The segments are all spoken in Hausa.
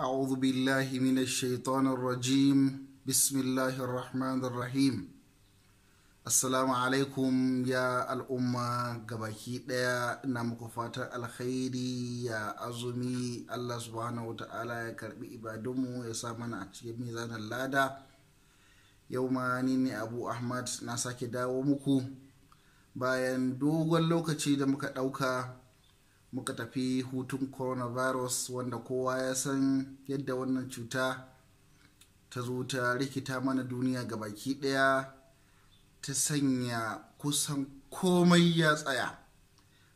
أعوذ mina من الشيطان الرجيم بسم الله الرحمن الرحيم ya al'umma gabaki ɗaya. na muku fatan alkhairi ya azumi allah subhanahu wa ta'ala ya karɓi ibadunmu ya sa mana a cikin mizanin lada yau ma ni abu ahmad na sake dawo muku bayan dogon lokaci da muka ɗauka. muka tafi hutun coronavirus wanda kowa ya san yadda wannan cuta ta zo ta rikita mana duniya ga baki ɗaya ta sanya kusan komai ya tsaya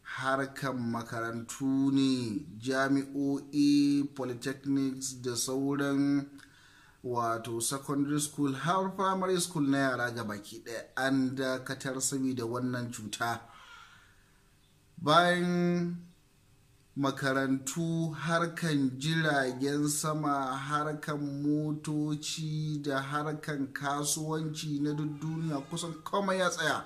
harkan makarantu ne jami'o'i polytechnics da sauran wato secondary school har primary school na yara ga baki ɗaya an dakatar saboda wannan cuta bayan makarantu harkan jiragen sama harkan motoci da harkan kasuwanci na duniya kusan komai ya tsaya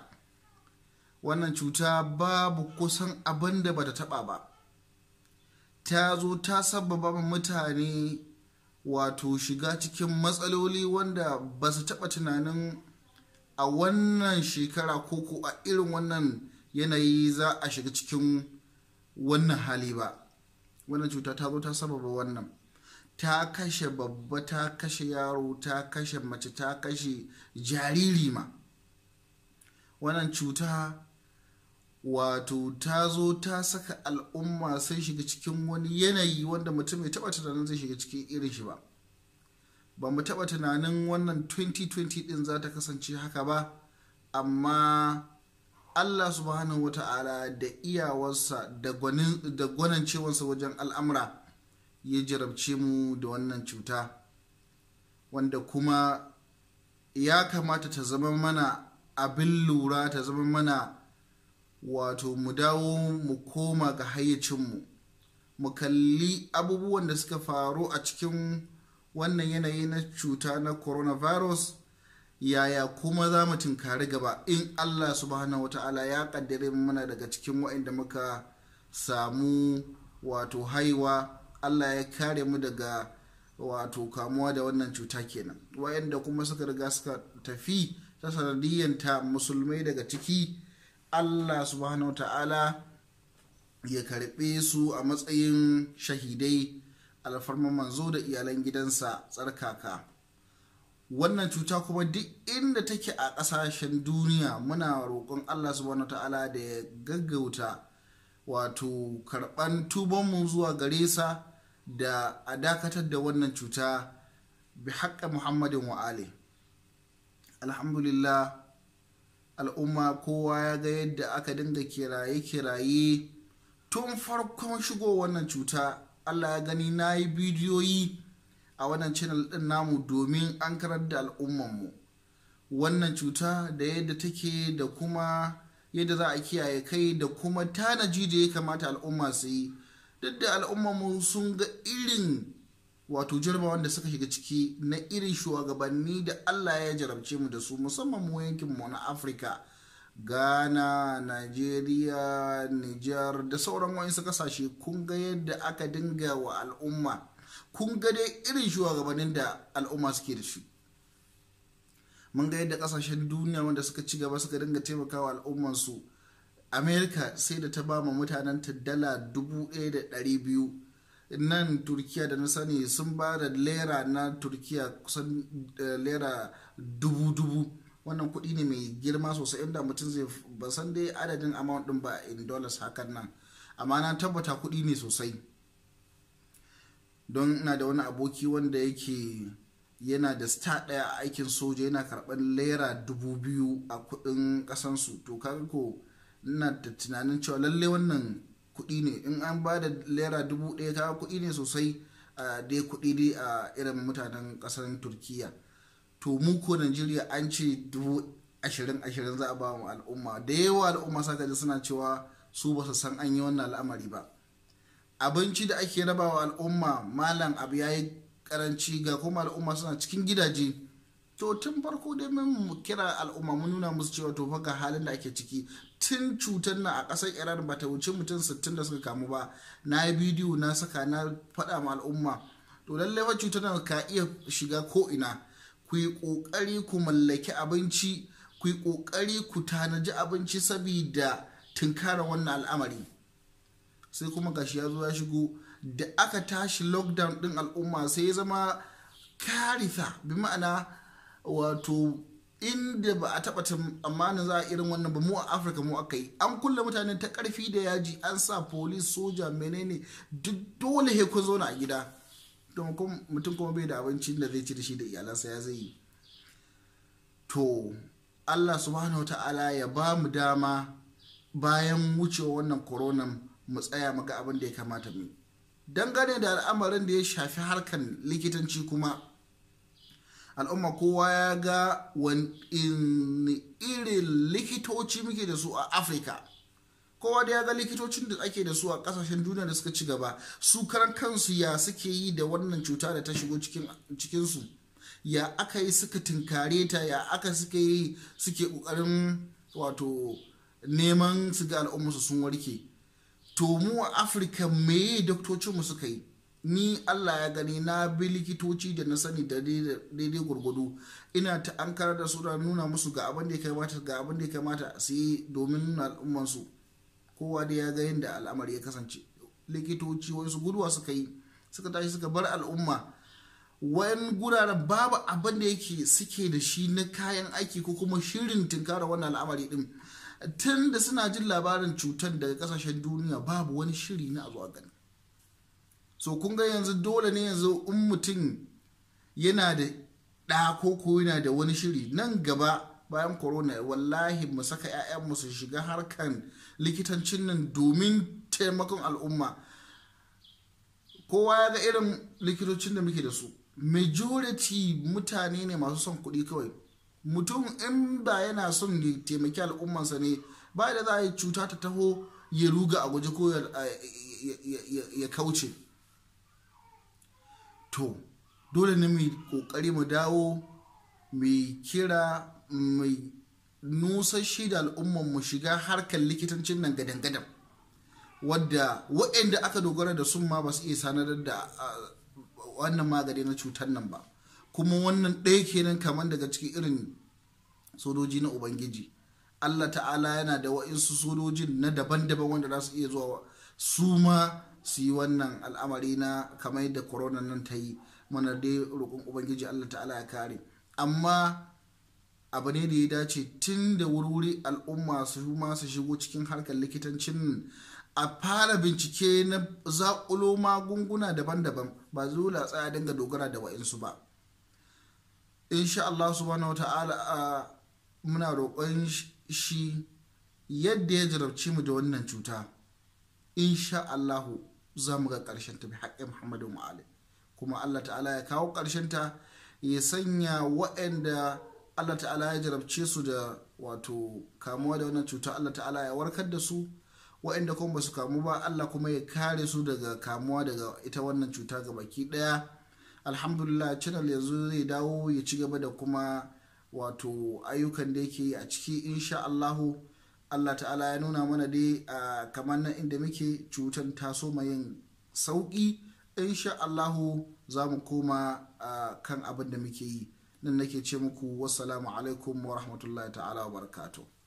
wannan cuta babu kusan abin da ba ta taba ba ta zo ta sababa mutane wato shiga cikin matsaloli wanda ba su taba tunanin a wannan shekara koko a irin wannan yanayi za a shiga cikin wannan hali ba wannan cuta ta zo ta sababa wannan ta kashe babba ta kashe yaro ta kashe mace ta kashe jariri ma wannan cuta wato ta zo ta saka al'umma sai shiga cikin wani yanayi wanda mutum ya taba tunanin zai shiga cikin irin shi ba ba mu taba tunanin wannan 2020 din za ta kasance haka ba amma Allah subhanahu wa ta'ala da iyawarsa da gwanin gwanancewarsa wajen al'amura ya jarabce mu da wannan cuta wanda kuma ya kamata ta zama mana abin lura ta zama mana wato mu dawo mu koma ga hayyacinmu mu kalli abubuwan da suka faru a cikin wannan yanayi na cuta na coronavirus yaya kuma za mu tunkari gaba in allah subhanahu wata'ala ya kaddare mana daga cikin wa'inda muka samu wato haiwa allah ya kare mu daga wato kamuwa da wannan cuta kenan wa'inda kuma suka riga suka tafi ta sanadiyyanta musulmai daga ciki allah subhanahu wata'ala ya karɓe su a matsayin shahidai alfarman manzo da iyalan gidansa tsarkaka wannan cuta kuma duk inda take a ƙasashen duniya muna roƙon allah subhanahu ta'ala da ya gaggauta wato karɓan tubanmu zuwa gare sa da a dakatar da wannan cuta bi haƙƙa muhammadin wa'ale alhamdulillah al'umma kowa ya ga yadda aka dinga kiraye-kiraye tun farkon shigo wannan cuta allah ya gani na yi bidiyoyi a wannan channel din namu domin an karar da al'ummanmu wannan cuta da yadda take da kuma yadda za a kiyaye kai da kuma tanaji da ya kamata al'umma su yi duk da al'ummanmu sun ga irin wato jarba da suka shiga ciki na irin shugabanni da allah ya jarabce mu da su musamman mu yankin mu na afirka ghana nigeria niger da sauran wa'insu kasashe kun ga yadda aka dinga wa al'umma kun ga dai irin shugabannin da al'umma suke da shi mun ga yadda kasashen duniya wanda suka ci gaba suka dinga taimakawa al'ummansu Amerika sai da ta ba ma mutanen ta dala dubu ɗaya da biyu nan turkiya da na sani sun ba da lera na turkiya kusan eh, lera dubu dubu wannan kuɗi ne mai girma sosai inda mutum zai basan dai adadin amount din ba in dollars hakan nan amma na tabbata kuɗi ne sosai don ina da wani aboki wanda yake yana da star ɗaya a aikin soja yana karban lera dubu biyu a kuɗin ƙasansu to kaga ko ina da tunanin cewa lalle wannan kuɗi ne in an ba da lera dubu ɗaya kaga kuɗi ne sosai a dai kuɗi dai a irin mutanen kasar turkiya to mu ko najeriya an ce dubu ashirin ashirin za a ba mu al'umma da yawa al'umma saka suna cewa su ba su san an yi wannan al'amari ba abinci da ake rabawa al'umma malam abu ya yi karanci ga kuma al'umma suna cikin gidaje to tun farko dai mun kira al'umma mun nuna musu cewa to ga halin da ake ciki tun cutar nan a ƙasar iran ba ta wuce mutum 60 da suka kamu ba na yi bidiyo na saka na faɗa ma al'umma to lallai fa cutar nan ka iya shiga ko ina ku yi ƙoƙari ku mallaki abinci ku yi ƙoƙari ku tanaji abinci sabida tunkara wannan al'amari sai kuma gashi ya zo ya shigo da aka tashi lockdown din al'umma sai ya zama karitha bi ma'ana wato inda ba a taɓa tsammanin za a irin wannan ba mu a afirka mu aka yi an kulle mutane ta ƙarfi da yaji an sa polis soja menene duk dole he ku zauna a gida don mutum kuma bai da abincin da zai ci da shi da iyalansa ya zai yi to allah subhanahu ta'ala ya ba mu dama bayan wucewa wannan koronan mu tsaya maka abin da ya kamata mu dangane da al'amarin da ya shafi harkan likitanci kuma al'umma kowa ya ga wani irin likitoci muke da su a afirka kowa da ya ga likitocin da ake da su a kasashen duniya da suka ci gaba su karan kansu ya suke yi da wannan cuta da ta shigo cikinsu ya aka yi suka tunkare ta ya aka suka yi suke kokarin wato neman su ga al'ummarsu sun warke to mu a afirka meye doktocinmu suka yi ni allah ya gani na bi likitoci da na sani da daidai gwargwado ina ta an kara da su da nuna musu ga abin da ya kamata ga abin da ya kamata su yi domin nuna al'ummansu kowa da ya ga yadda al'amari ya kasance likitoci wasu guduwa suka yi suka tashi suka bar al'umma wayan guraren babu abin da yake suke da shi na kayan aiki ko kuma shirin tunkara wannan al'amari din tun da suna jin labarin cutar daga kasashen duniya babu wani shiri na a zuwa gani so kun ga yanzu dole ne yanzu in mutum yana da ɗa ko ko yana da wani shiri nan gaba bayan corona wallahi mu saka 'ya'yanmu su shiga harkan likitancin nan domin taimakon al'umma kowa ya ga irin likitocin da muke da su majority mutane ne masu son kuɗi kawai mutum in ba yana son ya taimaki al'ummansa ne ba da za a yi cuta ta taho ya ruga a guje ko ya kauce to dole ne mai kokari mu dawo mai kira mai nusashi da mu shiga harkar likitancin nan gadan-gadan wadda waɗanda aka dogara da sun ma ba su iya sanar da wannan magani na cutar nan ba kuma wannan ɗaya kenan kamar daga cikin irin sojoji na ubangiji allah ta'ala yana da wa'insu sojojin na daban-daban wanda za su iya zuwa su ma su yi wannan al'amari na kamar da corona nan ta yi mana dai roƙon ubangiji allah ta'ala ya kare amma abu ne da ya dace tun da wuri al'umma su ma su shigo cikin harkar likitancin a fara bincike na zaƙulo magunguna daban-daban ba zuwa tsaya dinga dogara da wa'insu ba insha Allah subhanahu wata'ala muna roƙon shi yadda ya jarabci mu da wannan cuta insha Allahu za mu ga ƙarshen ta bi haƙƙin Muhammadu Mu'ali kuma Allah ta'ala ya kawo ƙarshen ta ya sanya waɗanda Allah ta'ala ya jarabce su da wato kamuwa da wannan cuta Allah ta'ala ya warkar da su waɗanda kuma ba su kamu ba Allah kuma ya kare su daga kamuwa daga ita wannan cuta ga baki ɗaya alhamdulillah channel yanzu zai dawo ya ci gaba da kuma wato ayyukan da yake a ciki insha Allahu Allah ta'ala ya nuna mana dai a kamar nan inda muke cutan taso yin sauki insha Allahu za mu koma kan abin da muke yi nan nake ce muku wassalamu alaikum wa rahmatullahi ta'ala wa barakatuh